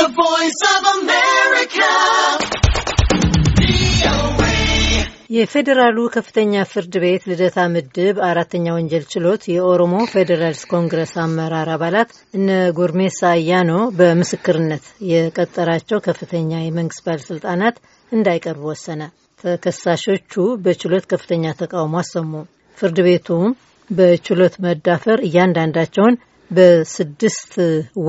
The Voice of America. የፌዴራሉ ከፍተኛ ፍርድ ቤት ልደታ ምድብ አራተኛ ወንጀል ችሎት የኦሮሞ ፌዴራልስ ኮንግረስ አመራር አባላት እነ ጎርሜሳ አያኖ በምስክርነት የቀጠራቸው ከፍተኛ የመንግስት ባለስልጣናት እንዳይቀርቡ ወሰነ። ተከሳሾቹ በችሎት ከፍተኛ ተቃውሞ አሰሙ። ፍርድ ቤቱም በችሎት መዳፈር እያንዳንዳቸውን በስድስት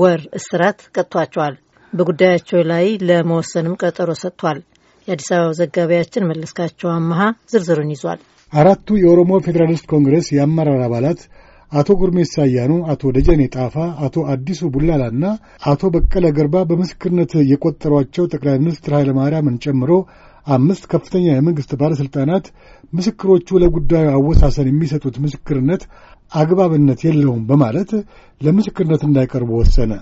ወር እስራት ቀጥቷቸዋል። በጉዳያቸው ላይ ለመወሰንም ቀጠሮ ሰጥቷል። የአዲስ አበባ ዘጋቢያችን መለስካቸው አመሃ ዝርዝሩን ይዟል። አራቱ የኦሮሞ ፌዴራሊስት ኮንግሬስ የአመራር አባላት አቶ ጉርሜሳ አያኑ፣ አቶ ደጀኔ ጣፋ፣ አቶ አዲሱ ቡላላና አቶ በቀለ ገርባ በምስክርነት የቆጠሯቸው ጠቅላይ ሚኒስትር ኃይለማርያምን ጨምሮ አምስት ከፍተኛ የመንግሥት ባለሥልጣናት ምስክሮቹ ለጉዳዩ አወሳሰን የሚሰጡት ምስክርነት አግባብነት የለውም በማለት ለምስክርነት እንዳይቀርቡ ወሰነ።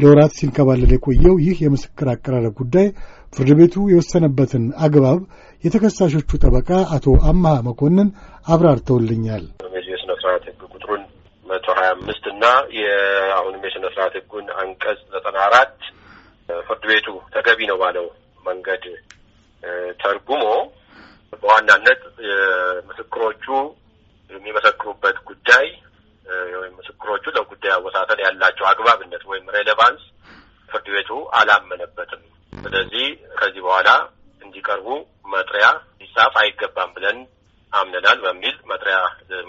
ለወራት ሲንከባለል የቆየው ይህ የምስክር አቀራረብ ጉዳይ ፍርድ ቤቱ የወሰነበትን አግባብ የተከሳሾቹ ጠበቃ አቶ አምሃ መኮንን አብራርተውልኛል። በዚሁ ስርዓት ሕግ ቁጥሩን መቶ ሀያ አምስት እና የአሁንም የሥነ ስርዓት አንቀጽ ዘጠና አራት ፍርድ ቤቱ ተገቢ ነው ባለው መንገድ ተርጉሞ በዋናነት ምስክሮቹ የሚመሰክሩበት ጉዳይ ወይም ምስክሮቹ መወሳሰል ያላቸው አግባብነት ወይም ሬሌቫንስ ፍርድ ቤቱ አላመነበትም። ስለዚህ ከዚህ በኋላ እንዲቀርቡ መጥሪያ ሊጻፍ አይገባም ብለን አምነናል በሚል መጥሪያ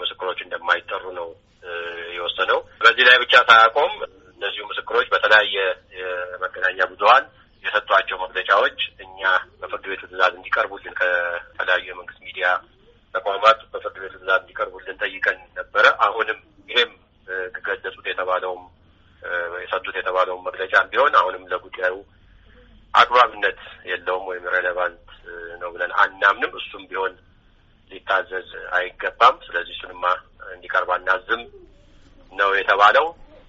ምስክሮች እንደማይጠሩ ነው የወሰነው። በዚህ ላይ ብቻ ሳያቆም እነዚሁ ምስክሮች በተለያየ የመገናኛ ብዙኃን የሰጧቸው መግለጫዎች እኛ በፍርድ ቤቱ ትዕዛዝ እንዲቀርቡልን ከተለያዩ የመንግስት ሚዲያ ተቋማት በፍርድ ቤቱ ትዕዛዝ እንዲቀርቡልን ጠይቀን ነበረ። አሁንም የተባለውም የሰጡት የተባለውን መግለጫም ቢሆን አሁንም ለጉዳዩ አግባብነት የለውም ወይም ሬሌቫንት ነው ብለን አናምንም። እሱም ቢሆን ሊታዘዝ አይገባም። ስለዚህ እሱንማ እንዲቀርብ አናዝም ነው የተባለው።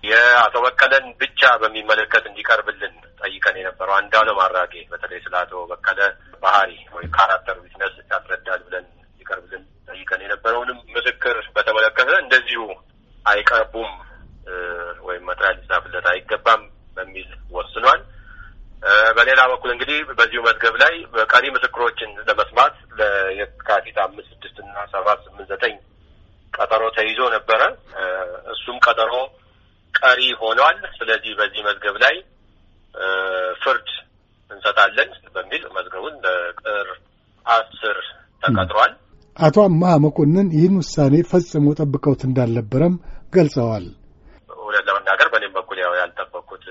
የአቶ በቀለን ብቻ በሚመለከት እንዲቀርብልን ጠይቀን የነበረው አንዳለም አራጌ በተለይ ስለ አቶ በቀለ ባህሪ ወይ ካራክተር ዊትነስ ያስረዳል ብለን እንዲቀርብልን ጠይቀን የነበረውንም ምስክር በተመለከተ እንደዚሁ አይቀርቡም ወይም መጥሪያ ሊጻፍለት አይገባም በሚል ወስኗል። በሌላ በኩል እንግዲህ በዚሁ መዝገብ ላይ ቀሪ ምስክሮችን ለመስማት ለየካቲት አምስት ስድስት እና ሰባት ስምንት ዘጠኝ ቀጠሮ ተይዞ ነበረ። እሱም ቀጠሮ ቀሪ ሆኗል። ስለዚህ በዚህ መዝገብ ላይ ፍርድ እንሰጣለን በሚል መዝገቡን ለቅር አስር ተቀጥሯል። አቶ አማሃ መኮንን ይህን ውሳኔ ፈጽሞ ጠብቀውት እንዳልነበረም ገልጸዋል። ያው ያልጠበቅኩት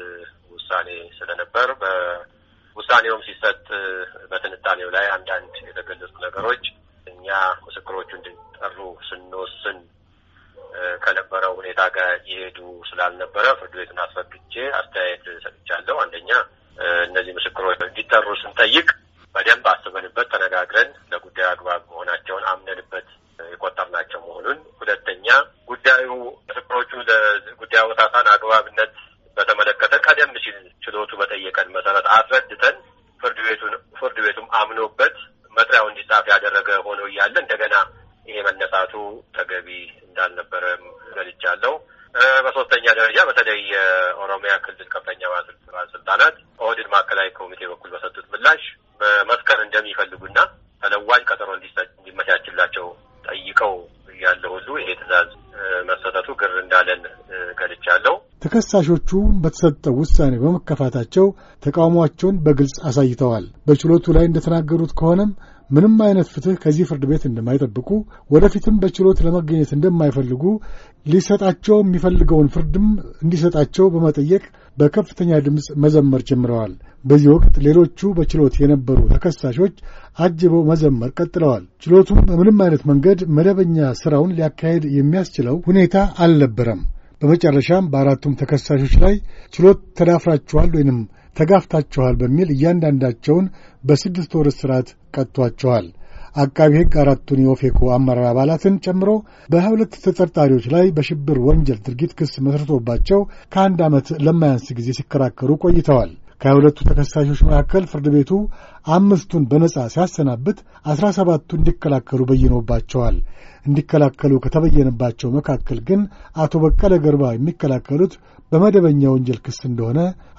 ውሳኔ ስለነበር በውሳኔውም ሲሰጥ በትንታኔው ላይ አንዳንድ የተገለጹ ነገሮች እኛ ምስክሮቹ እንዲጠሩ ስንወስን ከነበረው ሁኔታ ጋር ይሄዱ ስላልነበረ ፍርድ ቤቱን አስፈቅጄ አስተያየት ሰጥቻለሁ። አንደኛ እነዚህ ምስክሮች እንዲጠሩ ስንጠይቅ በደንብ አስበንበት ተነጋግረን ለጉዳዩ አግባብ መሆናቸውን አምነንበት አስረድተን ፍርድ ቤቱን ፍርድ ቤቱም አምኖበት መጥሪያው እንዲጻፍ ያደረገ ሆኖ እያለ እንደገና ይሄ መነሳቱ ተገቢ እንዳልነበረም ገልጫለሁ። በሶስተኛ ደረጃ በተለይ የኦሮሚያ ክልል ከፍተኛ ባለስልጣናት ኦህዴድ ማዕከላዊ ኮሚቴ በኩል በሰጡት ምላሽ መመስከር እንደሚፈልጉና ተለዋጭ ቀጠሮ እንዲመ ተከሳሾቹ በተሰጠው ውሳኔ በመከፋታቸው ተቃውሟቸውን በግልጽ አሳይተዋል። በችሎቱ ላይ እንደተናገሩት ከሆነም ምንም አይነት ፍትህ ከዚህ ፍርድ ቤት እንደማይጠብቁ ወደፊትም በችሎት ለመገኘት እንደማይፈልጉ ሊሰጣቸው የሚፈልገውን ፍርድም እንዲሰጣቸው በመጠየቅ በከፍተኛ ድምፅ መዘመር ጀምረዋል። በዚህ ወቅት ሌሎቹ በችሎት የነበሩ ተከሳሾች አጅበው መዘመር ቀጥለዋል። ችሎቱም በምንም አይነት መንገድ መደበኛ ስራውን ሊያካሄድ የሚያስችለው ሁኔታ አልነበረም። በመጨረሻም በአራቱም ተከሳሾች ላይ ችሎት ተዳፍራችኋል ወይንም ተጋፍታችኋል በሚል እያንዳንዳቸውን በስድስት ወር እስራት ቀጥቷቸዋል። አቃቢ ሕግ አራቱን የኦፌኮ አመራር አባላትን ጨምሮ በሁለት ሁለት ተጠርጣሪዎች ላይ በሽብር ወንጀል ድርጊት ክስ መስርቶባቸው ከአንድ ዓመት ለማያንስ ጊዜ ሲከራከሩ ቆይተዋል። ከሁለቱ ተከሳሾች መካከል ፍርድ ቤቱ አምስቱን በነጻ ሲያሰናብት አስራ ሰባቱ እንዲከላከሉ በይኖባቸዋል። እንዲከላከሉ ከተበየነባቸው መካከል ግን አቶ በቀለ ገርባ የሚከላከሉት በመደበኛ ወንጀል ክስ እንደሆነ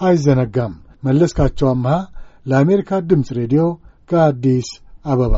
አይዘነጋም። መለስካቸው አምሃ ለአሜሪካ ድምፅ ሬዲዮ ከአዲስ አበባ